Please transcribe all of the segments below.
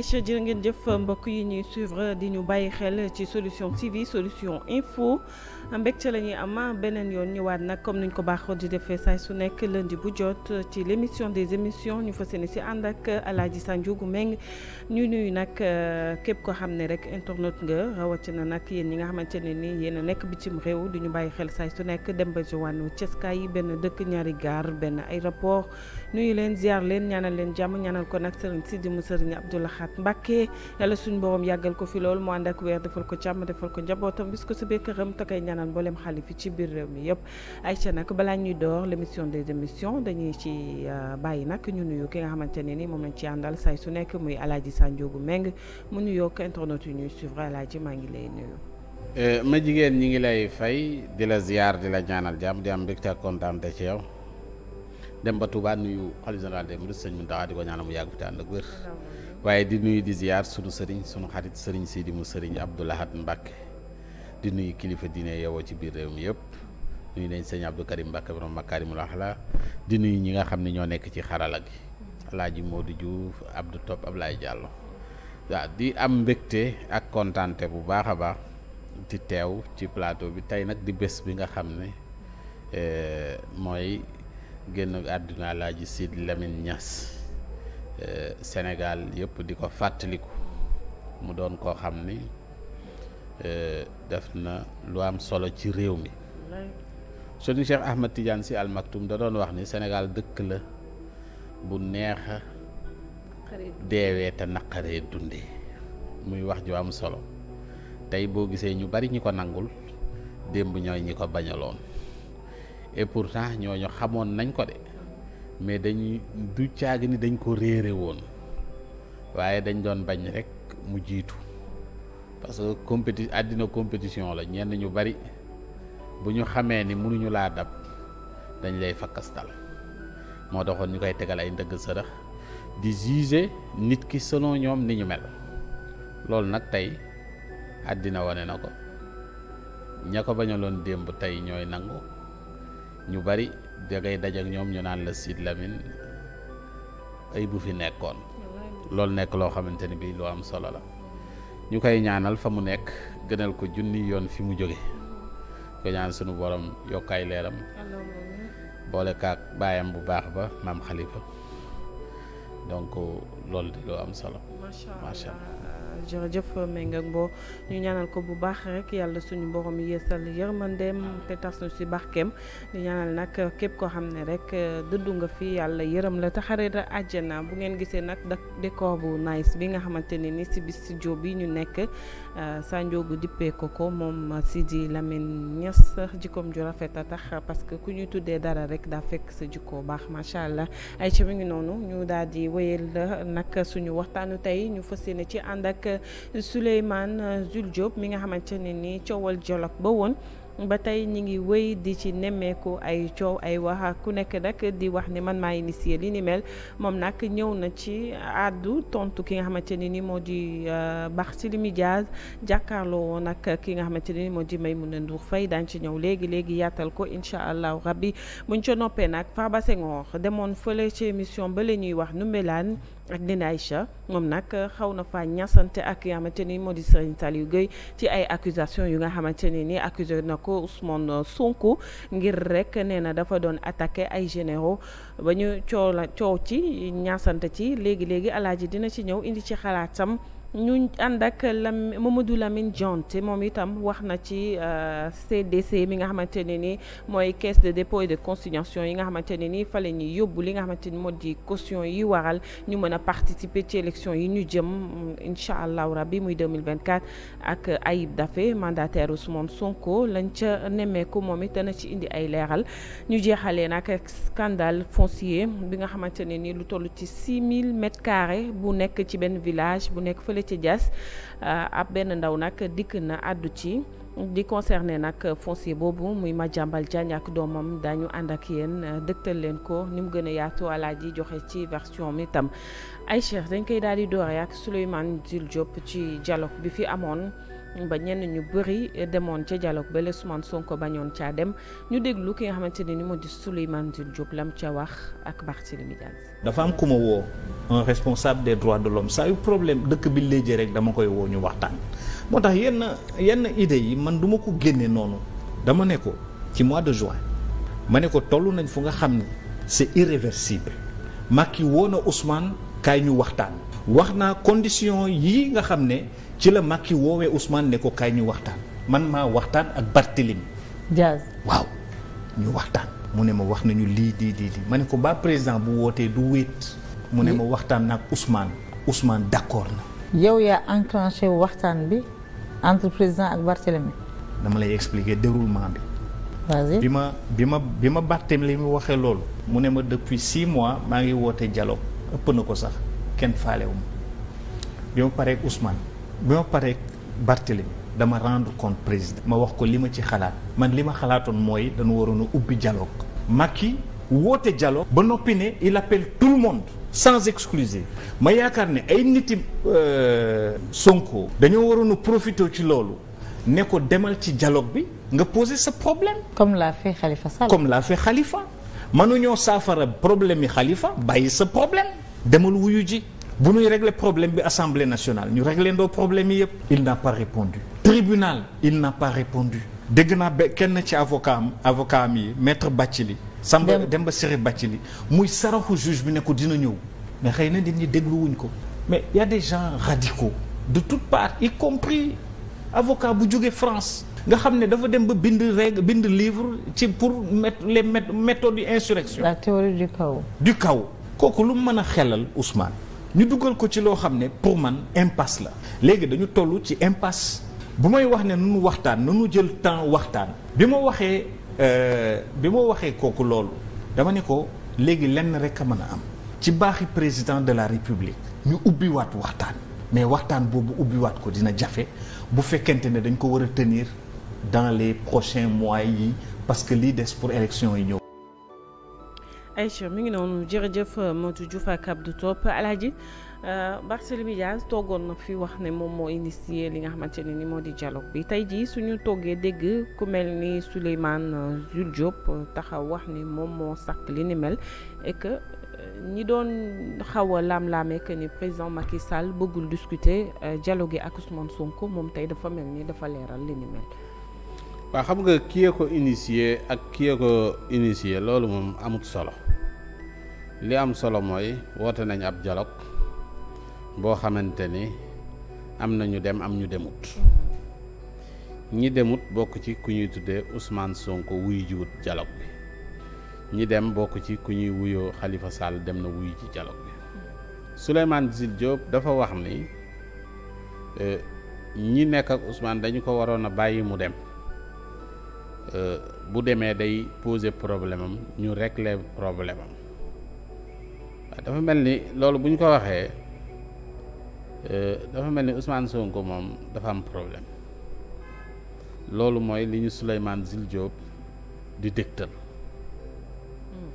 Aïcha jërë ngeen jëf mbokk yi ñuy suivre di ñu bàyyi xel ci solution TV solution info. mbégte la ñuy am beneen yoon ñëwaat nag comme niñ ko baaxoo di defee saay su nekk lundi bu jot ci l' émission des émissions ñu fas yéene si ànd ak Alaaji Sanjugu Meng ñu nuyu nag euh, képp ko xam ne rek internet nga rawatina nag yéen ñi nga xamante ne ni yéen a nekk bitim réew di ñu bàyyi xel saay su nekk dem ba ci wàllu ceskaay yi benn dëkk ñaari gaar benn aéroport nuyu leen ziar leen ñaanal leen jàmm ñaanal ko nag sëriñ Sidi mu sëriñ Abdou Lahat Mbàkke yàlla suñu borom yàggal ko fi loolu mu ànd ak weer defal ko jàmm defal ko njabootam bis ko ñaanal mboolem xalif yi ci biir réew mi yëpp Aïcha nag balaa ñuy door l' émission des émissions dañuy ci euh, bàyyi nag ñu nuyu ki nga xamante ne ni moom nañ ci àndal say su nekk muy Alaaji Sanjoogu Meng mu nuyoo internet yu ñuy suivre Alaaji maa ngi lay nuyu. Euh, ma jigéen ñi ngi lay fay di la ziar di la ñaanal jàmm di am mbégte de kontaan ci yow dem ba Touba nuyu xalifa général des mourides sëñ Mountakha di ko ñaanal mu yàgg fi te ànd ak waaye di nuyu di ziar sunu sëriñ di nuyu kilifa diine yeewoo ci biir réew mi yëpp nuyu nañ sëñ mbakk Karim Mbacke borom Makaarimul Axlaaq di nuyu ñi nga xam ne ñoo nekk ci xarala gi Alaaji Modou Diouf Abdou Top Ablaye Diallo waaw di am mbégte ak kontaante bu baax a baax di teew ci plateau bi tey nag di bés bi nga xam ne eh, mooy génn àdduna Alaaji siit Lamine ñas eh, senegal yépp di ko fàttaliku mu doon koo xam ni Euh, def na lu am solo ci réew mi sunu Cheikh Ahmad Tidiane si almaktum da doon wax ni Sénégal dëkk la bu neexa deewee te naqaree dundee muy wax ju am solo tey boo gisee ñu bari ñi ko nangul démb ñooy ñi ko bañaloon et pour pourtant ñooñu xamoon nañ ko de mais dañuy du caag ni dañ ko réere woon waaye dañ doon bañ rekk mu jiitu parce que compéti àddina compétition la ñenn ñu bari bu ñu xamee ni mënuñu laa dab dañ lay fakkastal moo taxoon ñu koy tegal ay ndëgg sërëx di juger nit ki selon ñoom ni ñu mel loolu nag tey àddina wane na ko ña ko bañaloon démb tey ñooy nangu ñu bari da daj ak ñoom ñu naan la Sidy lamin ay bu fi nekkoon loolu nekk loo xamante ni bii lu am solo la ñu koy ñaanal fa mu nekk gënal ko junni yoon fi mu jóge ko ñaan sunu borom yokk leeram boole kaak baayam bu baax ba maam xalifa donc loolu di loo am solo macha allah jërëjëf Mbengue Mbow ñu ñaanal ko bu baax rek yàlla suñu borom yeesal yërmandeem te tas ñu si barkeem di ñaanal nag képp koo xam ne rek dëddu euh, nga fi yàlla yërëm la te xare la àjjana bu ngeen gisee nag décor bu nice bi nga xamante ne ni si bis studio bi ñu nekk euh, Sandiogou dippee ko ko moom Sidi Lamine Niass jikkoom ju rafet a tax parce que ku ñu tuddee dara rek daa fekk sa jikkoo baax macha allah ay ci mi ngi noonu ñu daal di wéyal suñu waxtaanu tey ñu fas yéene ci ànd ak. ak euh, Souleymane euh, Jules Diop mi nga xamante ne nii coowal jolok ba woon ba tey ñi ngi wéy di ci nemmeeku ay coow ay wax ku nekk rek di wax ne man maa initié li ni mel moom nag ñëw na ci àddu tontu ki nga xamante ne ni moo di euh, Barthélémy Dias jàkkaarloo woon nag ki nga xamante ne ni moo di Maïmouna Ndour Faye daan ci ñëw léegi léegi yaatal ko incha allahu rabbi buñ ca noppee nag Farba Senghor demoon fële ci émission ba la ñuy wax Ndoumbelane ak Ndeye Aïcha moom nag xaw na faa ñasante ak yi nga xamante ni moo di Serigne Saliou ci ay accusations yu nga xamante ne ni accusé na ko Ousmane Sonko ngir rek nee na dafa doon attaqué ay généraux ba ñu coow la coow ci ñasante ci léegi léegi alaaji dina ci ñëw indi ci xalaatam. ñu ànd ak Lam Mamadou Lamine Diante moom itam wax na ci CDC euh, mi nga xamante ne ni mooy caisse de dépôt et de consignation yi nga xamante ne ni fa la ñuy yóbbu li nga xamante ni moo di caution yi waral ñu mën a participer ci élection yi ñu jëm incha allahu rabbi muy 2024 ak Ayib Daffé mandataire Ousmane Sonko lañ ca nemmeeku moom it dana ci indi ay leeral ñu jeexalee nag ak scandale foncier bi nga xamante ne ni lu toll ci 6000 mètres bu nekk ci benn village bu nekk fële. fële ci Diass euh, ab benn ndaw nag dikk na àddu ci di concerné nag foncier boobu muy ma Madiambal Diagne ak doomam daañu ànd ak yéen euh, dëgtal leen ko ni mu gën a yaatu alaaj ji joxe ci version mi tam ay cheikh dañ koy daal di doore ak Souleymane Jules Diop ci dialogue bi fi amoon ba ñenn ñu bëri demoon ca dialogue ba Ousmane Sonko bañoon caa dem ñu déglu ki nga xamante ne ni moo di Souleymane Jules Diop lam ca wax ak Barthélémy Dias. dafa am ku ma woo un responsable des droits de l'homme saa problème dëkk bi léegi rek dama koy woo ñu waxtaan moo tax yenn yenn idées yi man du ko génne noonu dama ne ko ci mois de juin ma ne ko toll nañ fu nga xam ni c'est irréversible Macky woo na Ousmane kaay ñu waxtaan wax naa condition yii nga xam ne. ci la Macky woowee Ousmane ne ko kaay ñu waxtaan man maa waxtaan ak Barthélémy Diaz waaw ñu waxtaan mu ne ma wax nañu lii di di di ma ne ko ba président bu wootee du wéet mu ne ma waxtaan na ak Ousmane Ousmane d'accord na yow yaa enclenché waxtaan bi entre président ak Barthélémy dama lay expliquer déroulement bi bi ma bi ma bi ma Barthélémy mu waxee loolu mu ne ma depuis six mois maa ngi woote jaloo ëpp na ko sax kenn faalewu ma bi ma paree Ousmane bi ma paree Barthélemy dama rendre compte président ma wax ko li ma ci xalaat man li ma xalaatoon mooy dañu waroon a ubbi dialogue Macky woote dialogue ba noppi ne il appelle tout le monde sans exclusive ma yaakaar ne ay niti euh, Sonko dañoo waroon a profité ci loolu ne ko demal ci dialogue bi nga poser sa problème. comme l'a fait Khalifa Sall. comme l'a fait Khalifa mënuñoo saafara problème yi xalifa bàyyi sa problème demal wuyu ji. bu ñuy régler problème bi assemblée nationale ñu régler ndoo problème yi yëpp il n'a pas répondu tribunal il n'a pas répondu dégg naa ba kenn ci avocat am avocat am yi maître Bathily Samba Demba Ciré Bathily muy saraxu juge bi ne ko dina ñëw mais xëy na dégg ñi dégluwuñ ko mais ya a des gens radicaux de toutes parts y compris avocat bu jóge France nga xam ne dafa dem ba bind règle bind livre ci pour mettre les méthodes d'insurrection la théorie du chaos du kooku lu mu mën a xelal Ousmane ñu dugal ko ci loo xam ne pour man impasse la léegi dañu toll ci impasse bu may wax ne nunu waxtaan nunu jël temps waxtaan bi ma waxee euh, bi ma waxee kooku loolu dama ne ko léegi lenn rek a mën a am ci baaxi président de la république ñu ubbiwaat waxtaan mais waxtaan boobu ubbiwaat ko dina jafe bu fekkente ne dañ ko war a tenir dans les prochains mois yi parce que lii des pour élection yi ñëw Aïcha mi ngi noonu jërëjëf euh, Modou Diouf ak Abdou Top Alaaji euh, Barthélemy Diaz toogoon na fi wax ne moom moo initié li nga xamante ne ni moo di dialogue bi tey jii suñu toggee dégg ku mel ni Souleymane euh, Jules Diop taxaw wax ni moom moo sàkk li ni mel et que ñi doon xaw a laam-laamee que ni président Macky Sall bëggul discuter dialogue gi ak Ousmane Sonko moom tey dafa mel ni dafa leeral li ni mel. waa xam nga ki ko initié ak ki ko initié loolu moom amut solo li am solo mooy woote nañ ab dialogue boo xamante ni am na ñu dem am ñu demut ñi demut bokk ci ku ñuy tuddee Ousmane Sonko wuyu jiwut dialogue bi ñi dem bokk ci ku ñuy wuyoo Khalifa Sall dem na wuyu ci dialogue bi Souleymane Jules Diop dafa wax ni euh, ñi nekk ak Ousmane dañu ko waroon a bàyyi mu dem. Euh, bu demee day poser problème am ñu régler problème am dafa mel ni loolu bu ñu ko waxee euh, dafa mel ni Ousmane Sonko moom dafa am problème loolu mooy li ñu Souleymane Jules Diop di dégtal hmm.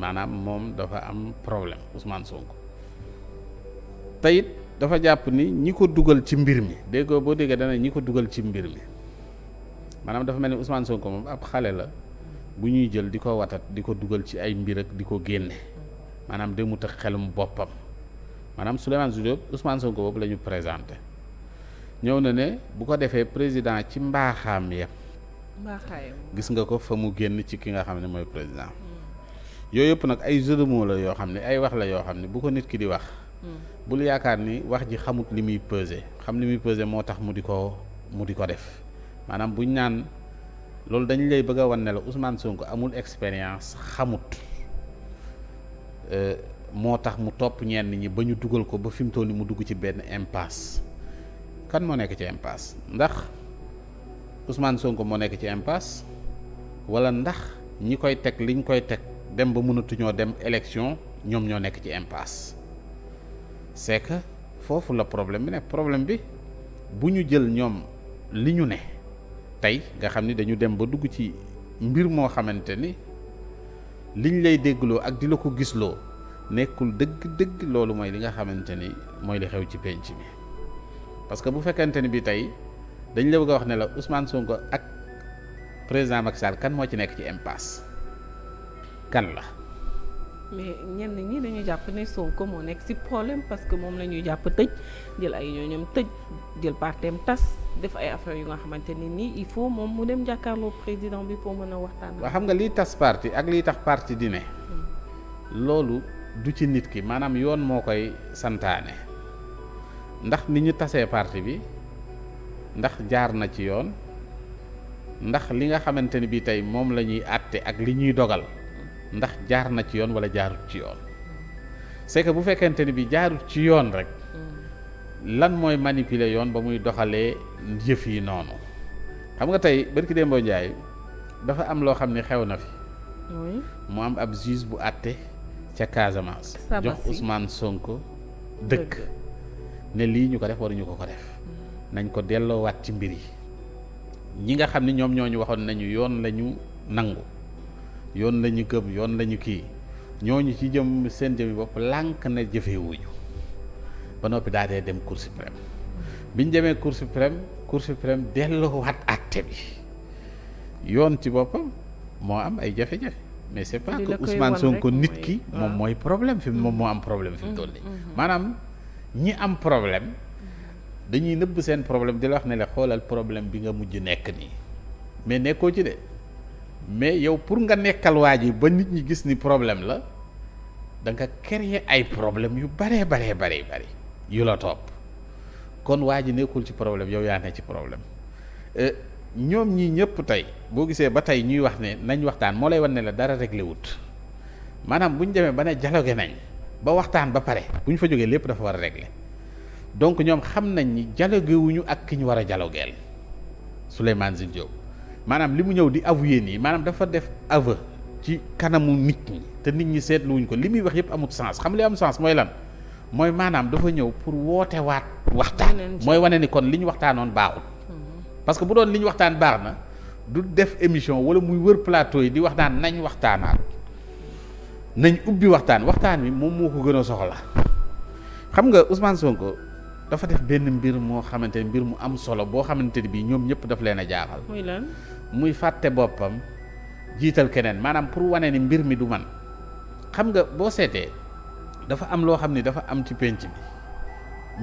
maanaam moom dafa am problème Ousmane Sonko teyit dafa jàpp ni ñi ko dugal ci mbir mi déggoo boo déggee dana ñi ko dugal ci mbir mi maanaam dafa mel ni Ousmane Sonko moom ab xale la bu ñuy jël di ko watat di ko dugal ci ay mbir ak di ko génne maanaam demut ak xelum boppam maanaam Souleymane Jules Ousmane Sonko boobu la ñu présenté ñëw na ne bu ko defee président ci mbaaxaam yem gis nga ko fa mu génn ci ki nga xam ne mooy président hmm. yooyu yëpp nag ay jeu de la yoo xam ne ay wax la yoo xam ne bu ko nit ki di wax hmm. bul yaakaar ni wax ji xamut li muy peser xam li muy peser moo tax mu di ko mu di ko def maanaam buñ naan loolu dañ lay bëgg a wan ne la Ousmane Sonko amul expérience xamut euh, moo tax mu topp ñenn ñi ba ñu dugal ko ba fi mu toll ni mu dugg ci benn impasse kan moo nekk ci impasse ndax usmaan Sonko moo nekk ci impasse wala ndax ñi koy teg liñ koy teg dem ba mënatuñoo dem élection ñoom ñoo nekk ci impasse c'est foofu la problème bi ne problème bi bu ñu jël ñoom li ñu ne tey nga xam ni dañu dem ba dugg ci mbir moo xamante ni liñ lay déggloo ak di la ko gisloo nekkul dëgg-dëgg loolu mooy li nga xamante ni mooy li xew ci penc mi parce que bu fekkente ni bi tey dañ la bëgg a wax ne la Ousmane Sonko ak président Macky kan moo ci nekk ci impasse kan la. mais ñenn ñi dañu jàpp ne Sonko moo nekk ci problème parce que moom la ñuy jàpp tëj jël ay ñooñam tëj jël parteem tas def ay affaires yu nga xamante ne nii il faut moom mu dem jàkkaarloo président bi pour mën a waxtaan. waaw xam nga liy tas parti ak liy tax parti di ne. Hmm. loolu du ci nit ki maanaam yoon moo koy santaane ndax ni ñu tasee parti bi ndax jaar na ci yoon ndax li nga xamante ni bii tey moom la ñuy àtte ak li ñuy dogal. ndax jaar na ci yoon walla jaarut ci yoon c'est que bu fekkente ni bi jaarut ci yoon rek lan mooy manipuler yoon ba muy doxalee yëf yi noonu xam nga tey barki Demba Ndiaye dafa am loo xam ne xew na fi mu am ab juge bu àtte ca Casamance jox Ousmane Sonko dëkk ne lii ñu ko def waruñu ko ko def mm. nañ ko delloowaat ci mbir yi ñi nga xam ne ñoom ñooñu waxoon nañu yoon lañu nangu yoon la ñu gëm yoon lañu ñu kii ñooñu ci jëm seen jëmi bopp lànk na jëfewuñu ba noppi daa dee dem cour suprême bi ñu demee cour suprême cour suprême delloowaat acte bi yoon ci boppam moo am ay jafe-jafe mais c'est pas que Ousmane Sonko nit ki moom mooy problème fi moom moo am problème fi mu mm-hmm. toll nii mm-hmm. maanaam ñi am problème dañuy nëbb seen problème di la wax ne la xoolal problème bi nga mujj nekk nii mais nekkoo ci de mais yow pour nga nekkal waa ji ba nit ñi gis ni problème la da nga créer ay problème yu baree baree baree bëri yu la topp kon waa ji nekkul ci problème yow yaa ne ci problème euh, ñoom ñii ñëpp tey boo gisee ba tey ñuy wax ne nañ waxtaan moo lay wan ne la dara réglé wut maanaam bu ñu demee ba ne jaloge nañ ba waxtaan ba pare bu ñu fa jógee lépp dafa war a réglé donc ñoom xam nañ ni dialogue wuñu ak ki ñu war a dialogueel Souleymane Jules Diop maanaam li mu ñëw di avouer nii maanaam dafa def aveu ci kanamu nit ñi te nit ñi seetluwuñ ko li muy wax yëpp amut sens xam li am sens mooy lan mooy maanaam dafa ñëw pour woote waat waxtaan mooy wane ni kon li ñu waxtaanoon baaxul mhm. parce que bu doon li ñu waxtaan baax na du def émission wala muy wër plateau yi di waxtaan naan nañ waxtaanaat nañ ubbi waxtaan waxtaan wi moom moo ko gën a soxla xam nga Ousmane Sonko dafa def benn mbir moo xamante ne mbir mu am solo boo xamante ne bii ñoom ñëpp daf leen a jaaxal. muy fàtte boppam jiital keneen maanaam pour wane ni mbir mi du man xam nga boo seetee dafa am loo xam ni dafa am ci pénc bi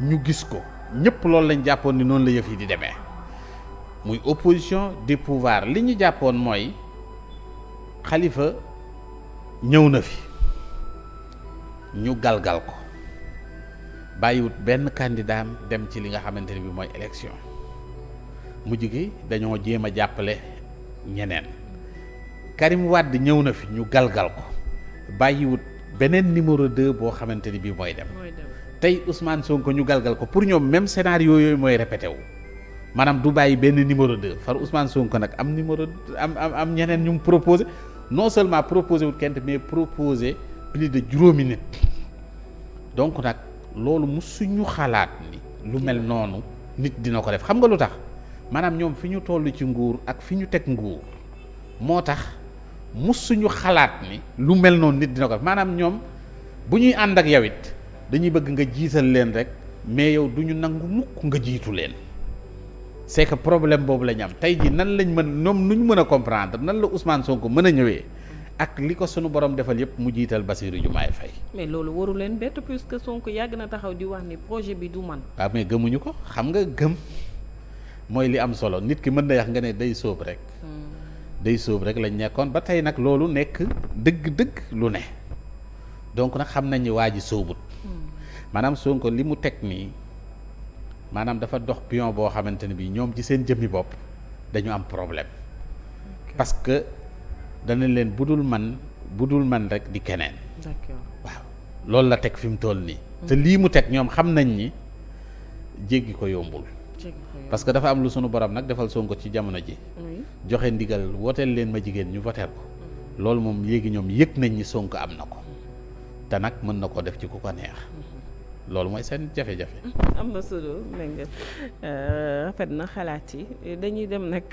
ñu gis ko ñëpp loolu lañ jàppoon ni noonu la yëf yi di demee muy opposition di pouvoir li ñu jàppoon mooy xalifa ñëw na fi ñu galgal ko bàyyiwut benn candidat dem ci li nga xamante ni bi mooy élection mujj gi dañoo jéem a jàppale ñeneen Karim Wade ñëw na fi ñu galgal ko bàyyiwut beneen numéro 2 boo xamante ni bii mooy dem. tey Ousmane Sonko ñu galgal ko pour ñoom même scénario yooyu mooy répété wu maanaam du bàyyi benn numéro 2 far Ousmane Sonko nag am numéro am am am ñeneen ñu mu proposé non seulement proposé wut kent mais proposé plus de juróomi nit donc nag loolu mu suñu xalaat ni lu mel noonu nit dina ko def xam nga lu tax. maanaam ñoom fi ñu toll ci nguur ak fi ñu teg nguur moo tax mu suñu xalaat ni lu mel noonu nit dina ko maanaam ñoom bu ñuy ànd ak yow it dañuy bëgg nga jiital leen rek mais yow du ñu nangu mukk nga jiitu leen c'est que problème boobu la ñu am tey jii nan lañ mën ñoom nu ñu mën a comprendre nan la usmaan soo ko mën a ñëwee ak li ko sunu borom defal yëpp mu jiital Bassirou Diomaye Faye. mais loolu waru leen bett puisque Sonko yàgg na taxaw di wax ni projet bi du man. waaw ah, gëmuñu ko xam nga gëm. mooy li am solo nit ki mën na yàq nga ne day sóob rek. Hmm. day sóob rek lañ nekkoon ba tey nag loolu nekk dëgg-dëgg lu ne donc nag xam nañ ni waa ji sóobut. Hmm. maanaam Sonko li mu teg nii maanaam dafa dox boo xamante ne bii ñoom ci seen jëmmi bopp dañu am problème. parce que dana leen budul man budul man rek di keneen. loolu la teg fi mu toll nii. Hmm. te lii mu teg ñoom xam nañ ni jéggi ko yombul. parce que dafa am lu sunu borom nag defal Sonko ci jamono ji. joxe ndigal wooteel leen ma jigéen ñu voteel ko. loolu moom yéegi ñoom yëg nañ ni Sonko am na ko. te nag mën na koo def ci ku ko neex. loolu mooy seen jafe-jafe. am na solo dégg nga euh, rafet na xalaat yi dañuy dem nag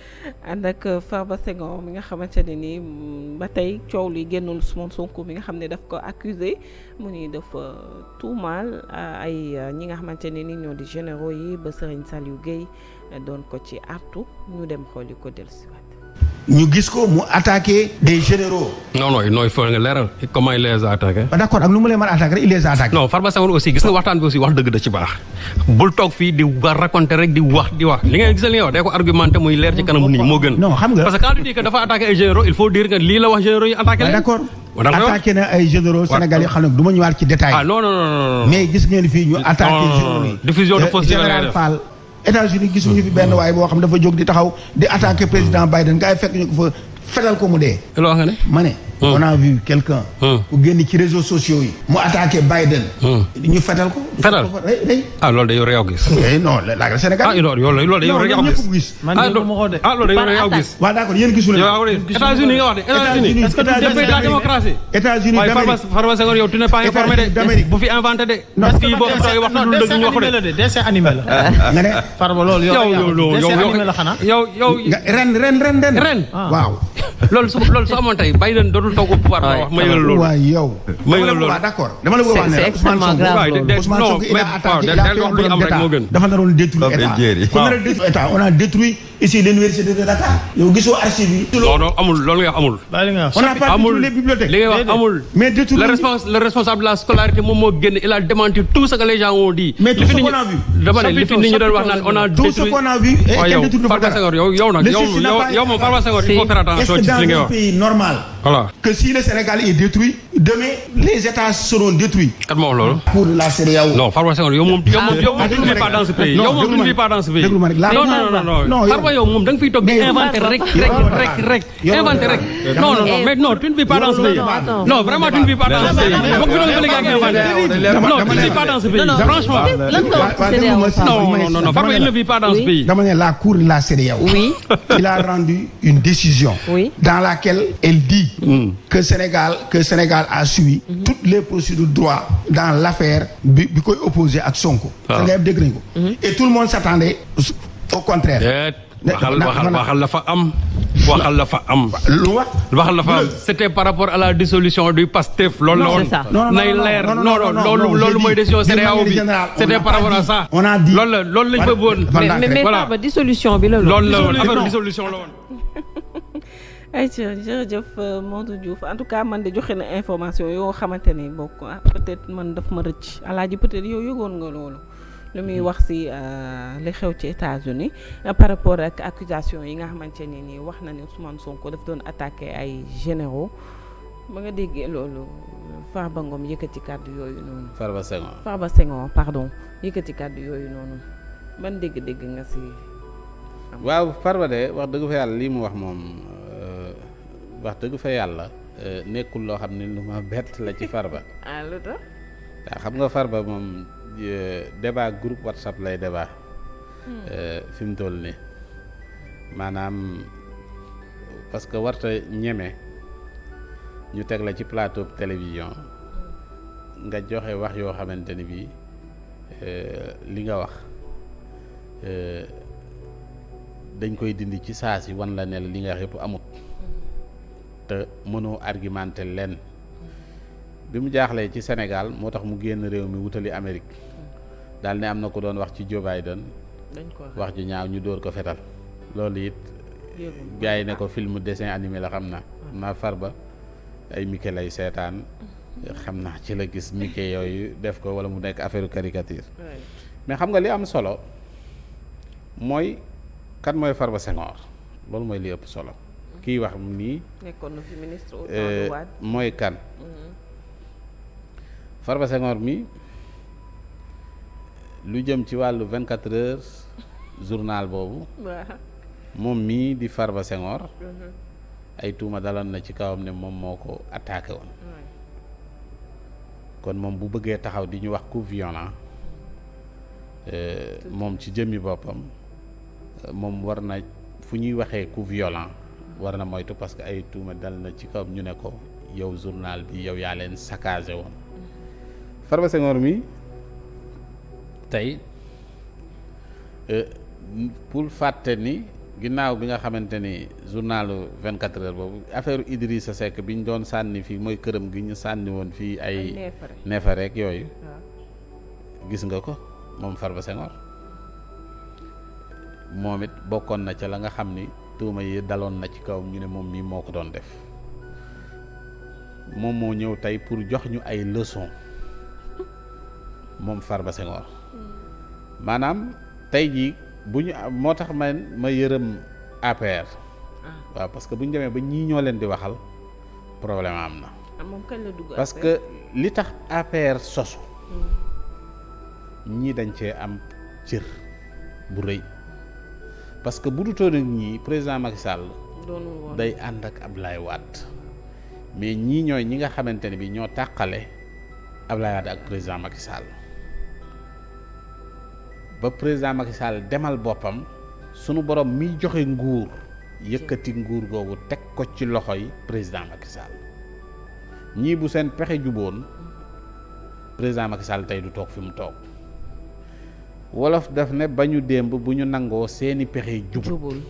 ànd ak Farba Senghor mi nga xamante ne nii ba tey coow li génnul suma Sonko mi nga xam ne daf ko accusé mu ni dafa euh, tuumaal euh, ay ñi nga xamante ne ni ñoo di généraux yi ba Serigne yu Guèye doon ko ci artu ñu dem xooli ko dellusiwaat. ñu gis ko mu attaqué des généraux. non non non il faut nga leeral comment il les a attaqué. d' accord ak lu mu leen mën a attaqué rek il les a attaqué. non Farba Senghor aussi gis nga waxtaan bi aussi wax dëgg da ci baax bul toog fii di ba raconter rek di wax di wax li nga gisal li nga wax day ko argumenté muy leer ci kanamu nit ñi moo gën. non xam nga parce que quand tu dis que dafa attaqué ay généraux il faut dire que lii la wax généraux yi attaqué leen. d' accord attaqué na ay généraux Sénégal yi xam ne du ma ñëwaat ci détail. ah non non non mais gis ngeen fii ñu attaqué généraux yi. diffusion de fausse général Fall États-Unis gisuñu fi benn hmm. waay boo xam dafa jóg di taxaw di attaquer hmm. président Biden gars yi fekk ñu ko fa fetal ko mu dee. ne ma ne. on a vu quelqu'un ku génn ci réseaux sociaux yi. mu attaqué Biden. ñu fetal ko. fetal ah loolu de yow yow gis. Eh, non la Sénégal. ah loolu loolu de yow yow gis. man ah, ah, de yow gis. waaw d'accord yéen gisul États-Unis nga wax de. États-Unis est-ce que États-Unis d'Amérique bu fi inventé de. parce que boo de. ren ren ren ren ah. waaw loolu su loolu su amoon tey Biden dootul toog au pouvoir. wax ma yëgal loolu waay yow. ma yëgal loolu waaw d'accord dama la bëgg a wax ne Ousmane Sonko Ousmane Sonko il a attaqué il a fait un problème d'état dafa naroon détruire état fu mu ne détruire état on a détruit ici l'université de Dakar. yow gisoo archive yi. non non amul loolu nga amul. on n'a pas détruit les bibliothèques. li ngay wax amul. mais détruire le responsable le responsable de la scolarité moom moo génn il a démenti tout ce que les gens ont dit. mais tout ce qu'on a vu. dama ne li fi nit ñi doon wax naan on a détruit tout ce qu'on a vu. Eh, oh, yow Farba Senghor yow yow nag yow yow moom Farba Senghor il faut faire attention est dans un pays normal. voilà que si le Sénégal est détruit. demain les états seront détruits. kat ma wax loolu. pour la CEDEAO. non Farba Senghor yow moom yow moom ah, yow moom tu ne vis pas dans ce pays. yow moom tu ne vis pas dans ce pays. non non non Farba yow moom da nga fiy toog di inventer rek rek rek rek. inventer rek non non mais non tu ne vis pas dans ce pays. non vraiment tu ne vis pas dans ce pays. bokk na loolu ba léegi ak inventer. non tu ne vis pas dans ce pays. franchement. non non non non Farba il ne vit pas dans ce pays. dama ne la cour de la CEDEAO. oui. il a rendu une décision. oui. Dans laquelle elle dit mm. que Sénégal que Sénégal a suivi mm -hmm. toutes les procédures de droit dans l'affaire bi bi koy opposé ak Sonko. waaw Sénégal dégg nañu ko. et tout le monde s'attendait au contraire. waxal la fa am. waxal la fa am. lu wax. waxal la fa am c'était par rapport à la dissolution du PASTEF. loolu la woon nay leer non non ça. on a dit loolu la loolu lañ fa bëggoon. mais dissolution bi la loolu. loolu la woon après dissolution la woon. ay ayca jërëjëf euh, Modou Diouf en tout cas man de joxe na information yoo xamante ni bokk ah peut-être man daf ma rëcc alaaji peut-être yow yëgoon nga loolu lu muy mm-hmm. wax si euh, li xew ci États-Unis euh, par rapport ak accusation yi nga xamante ne nii wax na ne Ousmane Sonko daf doon attaqué ay généraux ba nga déggee loolu Farba Ngom yëkkati kàddu yooyu noonu. Farba Senghor Farba Senghor pardon yëkkati kàddu yooyu noonu ban dégg-dégg nga ci. waaw Farba de wax dëgg fa yàlla lii mu wax moom. wax dëgg fa yàlla euh, nekkul loo xam ne lu ma bett la ci far ba ah, lu tax. xam nga far ba moom euh, débat groupe WhatsApp lay débat. Hmm. Euh, fi mu toll nii maanaam parce que warta ñeme ñu teg la ci plateau télévision hmm. nga joxe wax yoo xamante ni bii li nga wax dañ koy dind ci saa si wan la ne li nga wax yëpp amut. te mënoo argumenté leen bi mu jaaxlee ci senegal moo tax mu génn réew mi wutali Amérique daal ni am na ko doon wax ci Joe Biden wax ju ñaaw ñu dóor ko fetal loolu it gars yi ne ko film dessin animé la xam na naa ah. ba ay Mickey lay seetaan xam naa ci la gis Mickey yooyu def ko wala mu nekk affaire caricature mais xam nga li am solo mooy kan mooy Farba Senghor loolu mooy li ëpp solo kii wax nii. nekkoon na fi ministre euh, mooy kan. Mhm. Farba Senghor mi lu jëm ci wàllu vingt quatre heures journal boobu. moom mii di Farba Senghor. Mhm. ay tuuma dalan na ci kawam ne moom moo ko attaqué woon. kon moom bu bëggee taxaw di ñu wax ku violent euh, moom ci jëmmi boppam euh, moom war na fu ñuy waxee ku violent war na moytu parce que ay tuuma dal na ci kaw ñu ne ko yow journal bi yow yaa leen saccagé woon Farba mi tey euh, pour fàtte ni ginnaaw bi nga xamante ni journalu 24 heures boobu affaire Idrissa Seck bi ñu doon sànni fii mooy këram gi ñu sànni woon fii ay neefare ak yooyu gis nga ko moom Farba moom it bokkoon na ca la nga xam ni tuuma yi daloon na ci kaw ñu ne moom mii moo ko doon def moom moo ñëw tey pour jox ñu ay leçon moom Farba hmm. maanaam tey jii bu ñu am moo tax man ma yërëm APR ah. waaw parce que bu ñu demee ba ñii ñoo leen di waxal problème am na ah, parce que li tax APR sosu hmm. ñii dañ cee am cër bu rëy parce que bu dutoon ak ñii président Macky Sall. day ànd ak Abdoulaye Wade mais ñii ñooy ñi nga xamante ne bi ñoo tàqale Abdoulaye Wade ak président Macky ba président Macky demal boppam sunu borom miy joxe nguur yëkkati nguur googu teg ko ci loxoy président Macky ñii bu seen pexe juboon président Macky Sall tey du toog fi mu toog. wolof daf ne ba ñu démb bu ñu nangoo seeni pexe jubul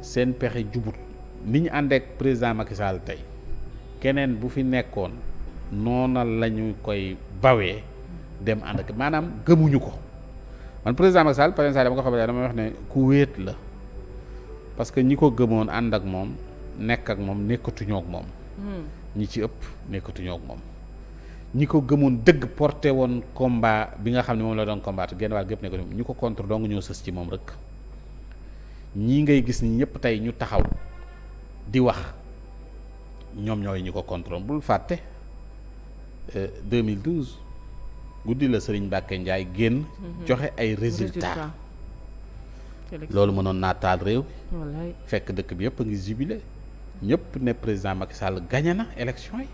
seen pexe jubul ni ñu àndeek ak président Macky Sall tey keneen bu fi nekkoon noona la ñu koy bawee dem ànd ak maanaam gëmuñu ko man président Macky Sall président dama ko xamante dama wax ne ku wéet la parce que ñi ko gëmoon ànd ak moom nekk ak moom nekkatuñoo moom hmm. ñi ci ëpp nekkatuñoo moom ñi ko gëmoon dëgg porté woon combat bi nga xam ne moom la doon combattre genn wàll gépp ne ko ñu ko contre dong ñoo sës ci moom rek ñii ngay gis ñi ñëpp tey ñu taxaw di wax ñoom ñooy ñi ko contre bul fàtte 2012 euh, guddi la Serigne Mbacké Ndiaye génn. Mhm. joxe ay résultats. loolu mënoon naa taal réew. fekk dëkk bi yëpp a ngi jubilé. ñëpp ne président Macky Sall gagné na élection yi.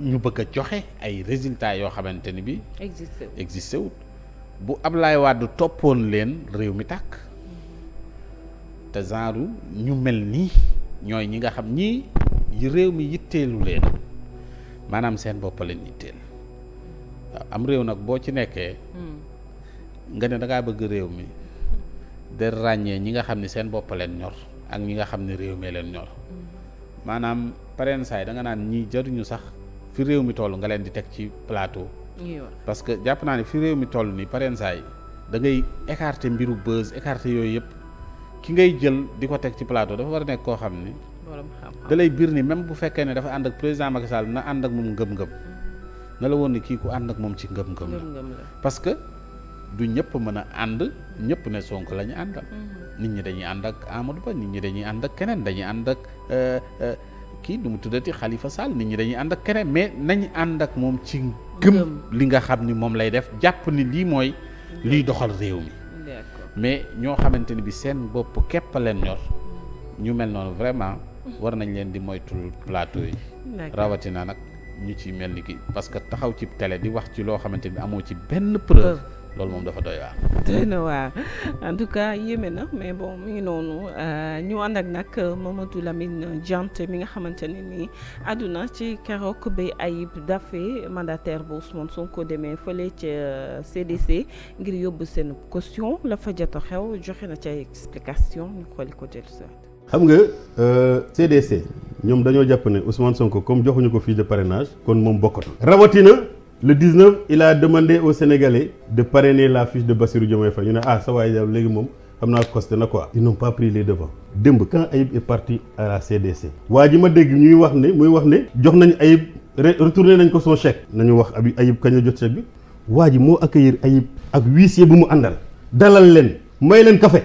ñu bëgg a joxe ay résultats yoo xamante ni bi existé wut bu Ablaye Wade toppoon leen réew mi tàkk te genre ñu mel nii ñooy ñi nga xam ñii yi réew mi yitteelu leen maanaam seen bopp leen yitteel waaw am réew nag boo ci nekkee hmm. nga ne da bëgg réew mi de ràññee ñi nga xam ni seen boppaleen ñor ak ñi nga xam ni réew mi leen ñor hmm. maanaam pareen saay da nga naan ñii jaruñu sax fi réew mi toll nga leen di teg ci plateau. parce que jàpp naa ne fi réew mi toll nii pareen saay da ngay mbiru buzz écarter yooyu yëpp ki ngay jël di ko teg ci plateau dafa war a nekk koo xam ni. da lay biir ni même bu fekkee ne dafa ànd ak président Macky na ànd ak moom ngëm-ngëm. na la woon ni kii ku ànd ak moom ci ngëm-ngëm la parce que du ñëpp mën a ànd ñëpp ne sonk la ñu àndal. Mm. ñi dañuy ànd ak Amadou Ba nit ñi dañuy ànd ak keneen dañuy ànd ak. Euh, euh, kii dumu tuddati xalifa Sall nit ñi dañuy ànd ak keneen mais nañ ànd ak moom ci gëm li nga xam ni moom lay def jàpp ni lii mooy liy doxal réew mi mais ñoo xamante ni bi seen bopp képp leen ñor ñu mel noonu vraiment war nañ leen di moytul plateau yi rawatina nag ñu ci mel ni ki parce que taxaw ci tele di wax ci loo xamante ni amoo ci benn preuve loolu moom dafa doy waar. doy na waar en tout cas yéeme na mais bon mu ngi noonu euh, ñu ànd ak nag momatu Lamine jant mi nga xamante ne nii àdduna ci keroog bay Ayib Daffé mandataire bu Ousmane Sonko demee fële ca CDC euh, ngir yóbbu seen caution la fajato xew joxe na ca explication ñu xooli ko dellu si waat. xam nga CDC euh, ñoom dañoo jàpp ne Ousmane Sonko comme joxuñu ko fiche de parrainage kon moom bokkatul rawatina. le 19 il a demandé aux Sénégalais de parrainer la fiche de Bassirou Diomaye Faye ñu ne ah sa waay yow léegi moom xam naa costé na ko ils n'ont pas pris les devants. démb quand Ayib est parti à la CDC. waa ji ma dégg ñuy wax ne muy wax ne. jox nañ Ayib retourné nañ ko son chèque. nañu wax abi Ayib kañ jot chèque bi waa ji moo accueillir Ayib. ak huissier bi mu àndal. dalal leen may leen café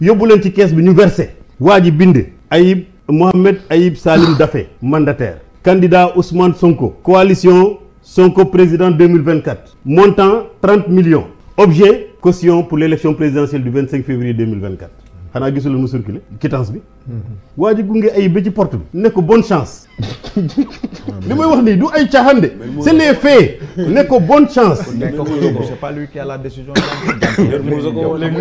yóbbu leen ci kees bi ñu versé. waa ji bind. Ayib Mohamed Ayib Salim Daffé mandataire. candidat Ousmane Sonko. coalition. Sonko président vingt 2024 montant 30 millions objet caution pour l'élection présidentielle du 25 février 2024 xanaa gisul mu circulé quittance bi waa ji gunge ay ba ci porte bi ne ko bonne chance li may wax nii du ay caaxaan de c'est les faits ne ko bonne chance c'est pas lui qui a la décision non déglu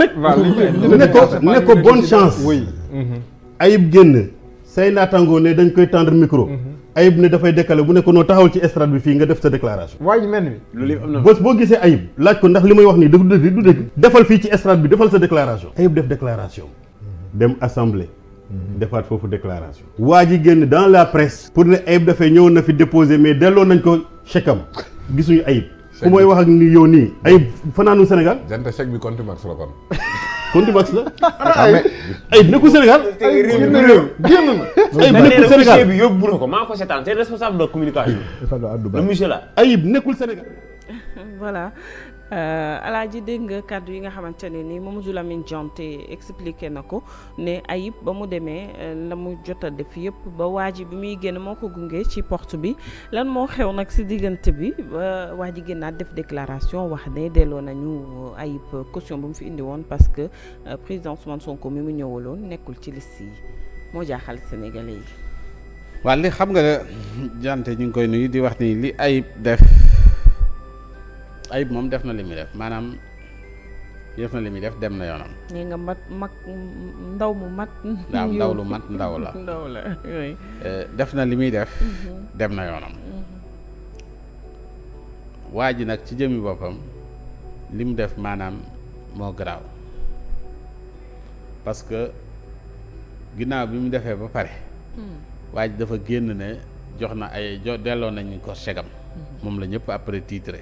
rek ne ko ne ko bonne chance ayib génn say naataangoo ne dañ koy tendre micro. Mhm. ayib ne dafay décaler bu ne ko noo taxawal ci estrade bi fii nga def sa déclaration. waay ji mel ni loolu yëpp am na. boo gisee ayib laaj ko ndax li may wax nii du dëgg du dëgg. defal fii ci estrade bi defal sa déclaration. ayib def déclaration. dem assemblée. Mhm. defaat foofu déclaration. waa ji génn dans la presse. pour ne ayib dafay ñëw na fi déposé mais delloo nañ ko chèque am gisuñu ayib. ku mooy wax ak ni yow nii ayib fanaanu Sénégal. jant chèque bi compte mars Contivax la. ay nekku Sénégal. ay génn na génn na. ay nekkul Sénégal ay bi yóbbu na maa ko seetaan c'est responsable de communication. le monsieur là nekkul Sénégal. voilà. Euh, Alaaji dégg nga kàddu yi nga xamante ne ni Mamadou Lamine Diante expliqué na ko ne Ayib ba mu demee euh, la mu jot a def yëpp ba waa ji bi muy génn moo ko gunge ci porte bi lan moo xew nag si diggante bi ba waa ji génnaat def déclaration wax ne delloo nañu euh, Ayib caution bu mu fi indi woon parce que président Ousmane Sonko mi mu ñëwaloon nekkul ci liste yi moo jaaxal Sénégalais yi. waaw li xam nga Diante ñu koy nuyu di wax ni li Ayib def. ayib moom def na li muy def maanaam def na li muy def dem na yoonam. nee nga mat mag ndaw mu mat. ndaw ndaw lu mat ndaw la ndaw la eh, def na li muy def. Mhm. dem na yoonam. Mhm. waa ji nag ci jëmmi boppam li mu def maanaam moo garaaw parce que ginnaaw bi mu defee ba pare. Mhm. waa ji dafa génn ne jox na ay jo delloo nañu ko segam moom la ñëpp après titré.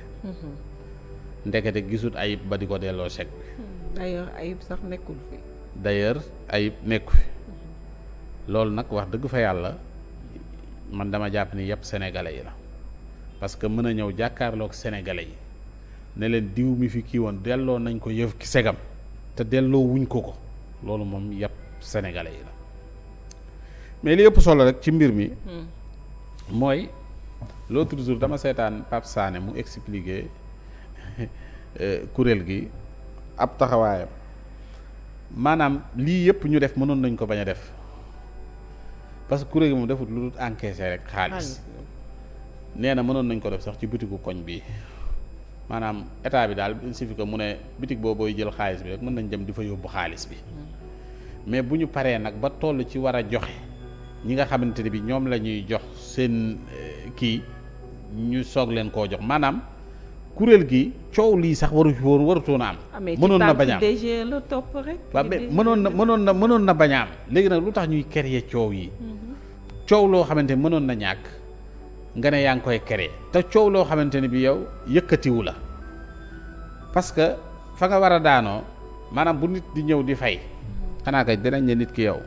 ndekete gisut ayib ba di ko delloo chèque bi. d'ailleurs ayib sax nekkul fi. d'ailleurs ayib nekku fi loolu nag wax dëgg fa yàlla man dama jàpp ni yëpp sénégalais yi la parce que mën a ñëw jàkkaarlook sénégalais yi ne leen diw mi fi kii woon delloo nañ ko yëf ki segam te delloo wuñ ko ko loolu moom yëpp sénégalais yi la mais li ëpp solo rek ci mbir mi. Hmm. mooy l'autre jour dama seetaan Pape Sané mu expliquer. Euh, kuréel gi ab taxawaayam maanaam lii yëpp ñu def mënoon nañ ko bañ a def parce que kuréel gi moom defut lu dul encaissé rek xaalis nee na mënoon nañ ko def sax ci bitigu koñ bii maanaam état bi daal il suffit que mu ne bitig boobooy jël xaalis bi rek mën nañ dem di fa yóbbu xaalis bi hmm. mais bu ñu paree nag ba toll ci war a joxe ñi nga xamante ne bi ñoom lañuy jox seen euh, kii ñu soog leen koo jox maanaam kuréel gi coow lii sax waru waru warutoon a am. Ah, mënoon na bañ a am waaw mënoon na mënoon na mënoon na bañ léegi nag lu tax ñuy créer coow yi. Mhm. coow loo xamante ni mënoon na ñàkk nga ne yaa ngi koy créer te coow loo xamante ni bi yow yëkkatiwu la parce que fa nga war a daanoo maanaam bu nit di ñëw di fay mhm. xanaa kay dinañ ne nit ki yow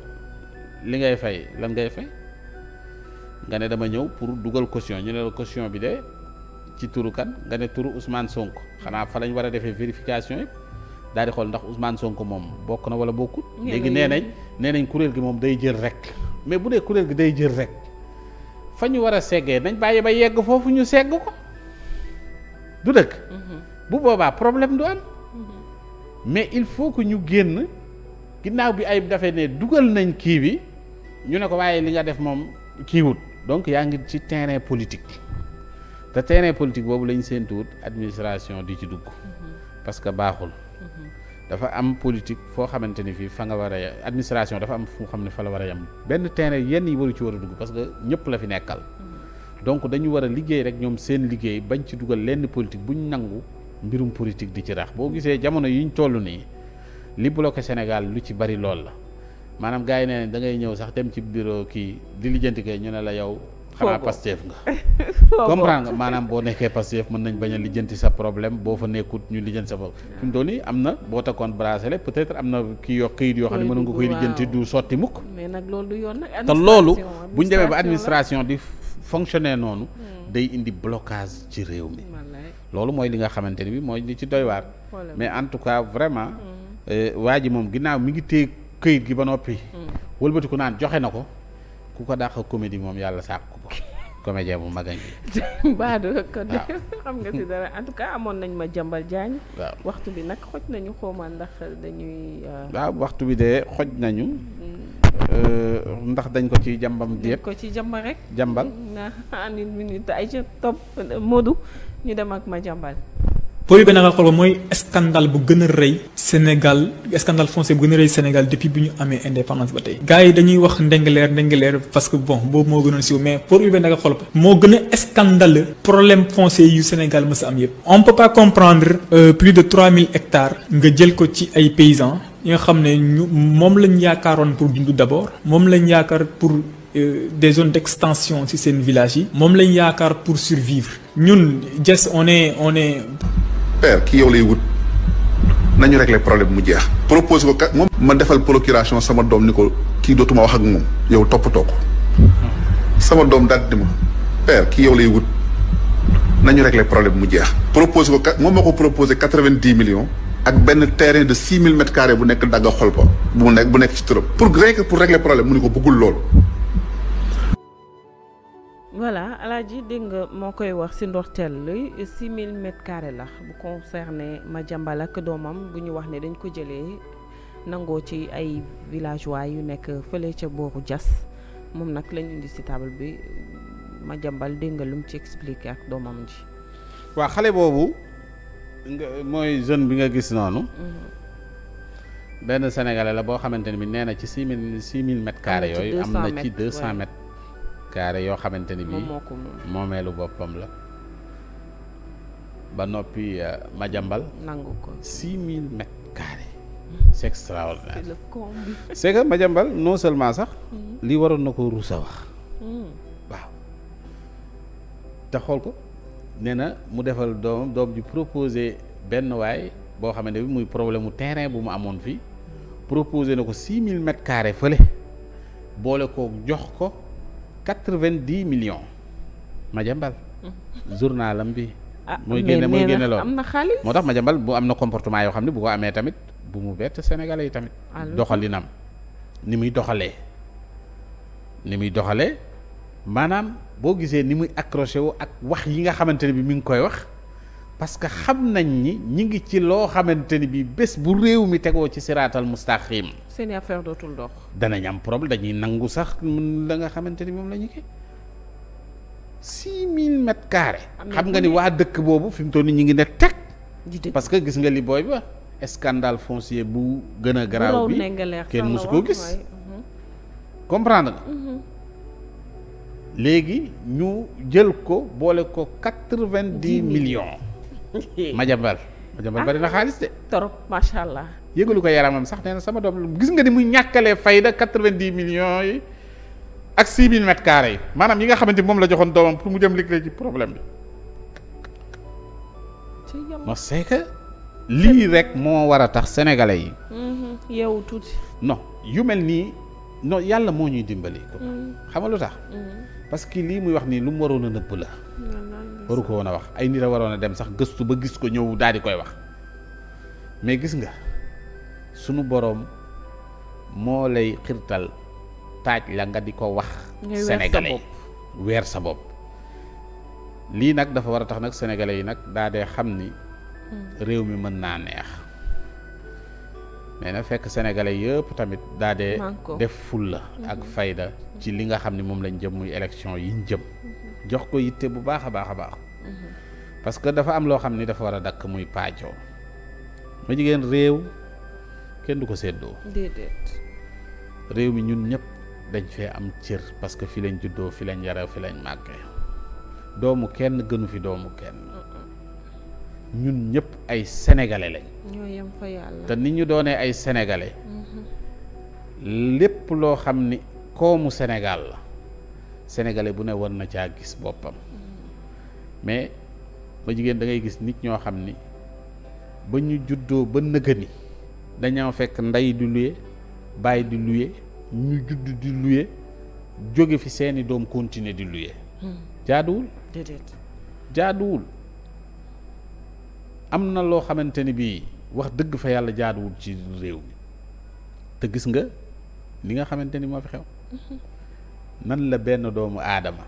li ngay fay lan ngay fay nga ne dama ñëw pour dugal caution ñu ne bi de. ci turu kan nga ne turu Ousmane Sonko xanaa fa lañ war a defee vérification yëpp daal di xool ndax Ousmane sonk moom bokk na wala bokkut. léegi nee nañ nee nañ kuréel gi moom day jël rek. mais bu dee kuréel gi day jël rek fa ñu war a seggee nañ bàyyi ba yegg foofu ñu segg ko du dëkk. Mhm. bu boobaa problème du am. Mhm. mais il faut que ñu génn ginnaaw bi ay dafay ne dugal nañ kii bi ñu ne ko waaye li nga def moom kiiwut donc yaa ngi ci terrain politique. te terrain politique boobu lañ séentuwut administration di ci dugg mhm. parce que baaxul mhm. dafa am politique foo xamante ni fii fa nga war a administration dafa am fu xam ne fa la war a yem benn terrain yenn yi waru ci war a dugg parce que ñëpp la fi nekkal mhm. donc dañu war a liggéey rek ñoom seen liggéey bañ ci dugal lenn politique buñ nangu mbirum politique di ci rax boo gisee jamono yiñ toll nii li bloqué Sénégal lu ci bari lool la maanaam gars yi ne da ngay ñëw sax dem ci bureau kii di lijjanti ñu ne la yow xanaa Pastef nga comprendre nga maanaam boo nekkee Pastef mën nañ bañ a lijjanti sa problème boo fa nekkut ñu lijjanti sa problème fi mu nii am na boo takkoon bracelet peut-être am na kii yoo këyit yoo xam ne mën nga koy lijjanti du sotti mukk mais loolu du yoon nag te loolu bu ñu demee ba administration di fonctionner noonu hmm. day indi blocage ci réew mi loolu mooy li nga xamante ni bi mooy li ci doy mais en tout cas vraiment hmm. eh, waa ji moom ginnaaw mi ngi téye këyit gi ba noppi hmm. wëlbatiku naan joxe na ko ku ko dàq comédie moom yàlla sàkk comédien bu mag a ngi. Badou kon xam nga si dara en tout cas amoon nañ ma jàmbal jaañ. waaw waxtu bi nag xoj nañu xoomaa ndax dañuy. Euh, waaw waxtu bi de xoj nañu. Mm. Euh, ndax dañ ko ci jàmbam déet ko ci jàmbal rek. jàmbal. na en ay ca topp Modou ñu dem ak ma jàmbal. Projet Bénéral Xolcom mooy scandale bu gën a rëy Sénégal scandale foncier bu gën a rëy Sénégal depuis bi ñu amee indépendance ba tey gars yi dañuy wax ndengaleer ndengaleer parce que bon boobu moo gënoon siiw mais Projet Bénéral Xolcom moo gën a scandale problème foncier yu Sénégal mës a am yëpp on peut pas comprendre euh, plus de 3000 hectares nga jël ko ci ay paysans yi xam ne ñu moom lañ yaakaaroon pour dund d'abord moom lañ yaakaar pour euh, des zones d'extension ci seen village yi moom lañ yaakaar pour survivre ñun Thiès on est père ki yow lay wut nañu régler problème mu jeex propose ko kat moom ma defal procuration sama doom ni ko kii dootuma wax ak moom yow toppatoo ko sama doom daal di ma père ki yow lay wut nañu régler problème mu jeex propose ko kat moom ma ko proposé quatre-vingt-dix millions ak benn terrain de six mille mètres carrés bu nekk dagg xol ko bu mu nekk bu nekk ci trop pour rien pour régler problème mu ni ko bëggul loolu voilà alaaji dégg nga moo koy wax ci ndorteel li six mille mètres la bu concerné Madiambal ak doomam bu ñu wax ne dañ ko jëlee nangoo ci ay villageois yu nekk fële ca booru Diass moom nag lañ indi ci table bi ma dégg nga lu mu ci expliqué ak doomam ji waa xale boobu nga mooy jeune bi nga gis noonu mhm. benn sénégalais la boo xamante ne bi nee na ci six mille six mille mètres yooyu am na ci deux carré yoo xamante ni bi bii moomeelu boppam la ba noppi euh, Madiambal nangu ko six mille mètres carrés hmm. c'est extraordinaire c'est que Madiambal non seulement sax hmm. li waroon na ko rusa wax hmm. waaw te xool ko nee na mu defal doomam doom ji proposé benn waay boo xamante bi muy problème mu terrain bu mu amoon fii proposé na ko six mille mètres carrés fële boole ko jox ko quatre-vingt-dix millions Madiambal mm. journalam bi ah, muy génne muy génne lool am na xaalis moo tax Madiambal bu am na comportement yoo xam ne bu ko amee tamit bu mu bett sénégalais yi tamit ah, doxalinam ni muy doxalee ni muy doxalee maanaam boo gisee ni muy accroché wu ak wax yi nga xamante ne bi mi ngi koy wax parce que xam nañ ni ñi ngi ci loo xamante ni bi bés bu réew mi tegoo ci siraatal mustaqim seen affaire dootul dox danañ am problème dañuy nangu sax la nga xamante ni moom lañu ñu ki six mille mètres carrés xam nga ni waa dëkk boobu fi mu toll ni ñu ngi ne teg parce que gis nga li booy ba scandale foncier bu gën a garaaw bi kenn mosu koo gis mhm. comprend mhm. léegi ñu jël ko boole ko quatre vingt di million Madiambal Madiambal ah, bari na xaalis de. torop macha allah. yëgalu ko yaramam sax nee na sama doom gis nga ni muy ñàkkalee fayda quatre-vingt-dix millions yi ak six mille mètres carrés yi maanaam yi nga xamante moom la joxoon doomam pour mu dem liggéey ci problème bi. ma c'est lii rek moo war a tax sénégalais yi. Mhm, yeewu tuuti. non yu mel nii non yàlla moo ñuy dimbali. Mhm. xam nga lu tax. Mhm. parce que lii muy wax nii lu mu waroon a nëbb la. waru ko woon a wax ay nit a waroon a dem sax gëstu ba gis ko ñëw daal di koy wax mais gis nga sunu boroom moo lay xirtal taaj la nga di ko wax. sénégalais weer sa bopp. lii nag dafa war a tax nag sénégalais yi nag daa dee xam ni. Hmm. réew mi mën naa neex. mais na fekk sénégalais yëpp tamit daa dee. def fulla ak hmm. fayda ci li nga xam ni moom lañ jëm muy élection yi jëm. jox ko yitte bu baax a baax a baax. Mm-hmm. parce que dafa am loo xam ni dafa war a dakk muy paajoo mu jigéen réew kenn du ko seddoo déedéet. réew mi ñun ñëpp dañ fee am cër parce que fi lañ juddoo fi lañ yaroo fi lañ màggee doomu kenn gënu fi doomu kenn ñun ñëpp ay sénégalais lañ. te ni ñu doonee ay sénégalais. Mm-hmm. lépp loo xam ni koomu Sénégal la. sénégalais bu ne war na caa gis boppam mais ba jigéen da ngay gis nit ñoo xam ne ba ñu juddoo ba nëgë ni dañoo fekk ndey di luye bàyyi di luye ñu judd di luye jóge fi seeni doom continuer di luye hmm. jaaduwul jaaduwul am na loo xamante ni bii wax dëgg fa yàlla jaaduwul ci réew mi te gis nga li nga xamante ni moo fi xew hmm. nan la benn doomu aadama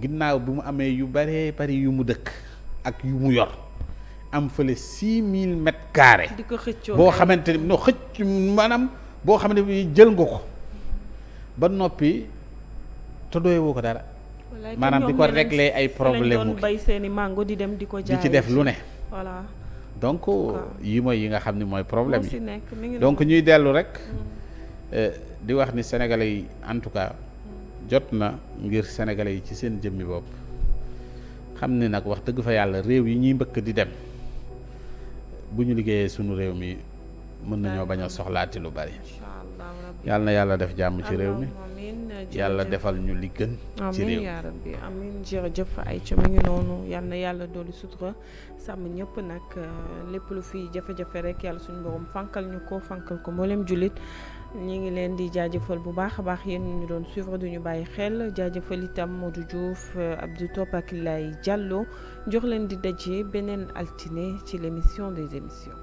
ginnaaw bi mu amee yu baree bari yu mu dëkk ak yu mu yor am fële six mille mètres carrés di ko xëccoo boo xamante ni no xëcc maanaam boo xam ne bi jël nga ko ba noppi te doyewoo ko dara maanaam di ko régler ay problème mu bay seeni mango di dem di ko jaay ci def lu ne voilà donc yi mooy yi nga xam ni mooy problème yi donc ñuy dellu rek mm. euh, di wax ni sénégalais yi en tout cas jot na ngir sénégalais yi ci seen jëmmi bopp xam ne nag wax dëgg fa yàlla réew yi ñuy mbëkk di dem bu ñu liggéeyee sunu réew mi mën na bañ a soxlaati lu bari yàlla na yàlla def jàmm ci réew mi defal ñu li gën ci réew yaa rabbi amin jërëjëf ay ca mu ngi noonu yal na yàlla dolli sutura sàmm ñëpp nag euh, lépp lu fi jafe-jafe rek yàlla suñu borom fankal ñu ko fankal ko mboolem jullit ñu ngi leen di jaajëfal bu baax a baax yéen ñu doon suivre duñu bàyyi xel jaajëfal itam Modou Diouf euh, Abdou Top ak Lay jàlloo jox leen di daje beneen altine ci l' émission des émissions.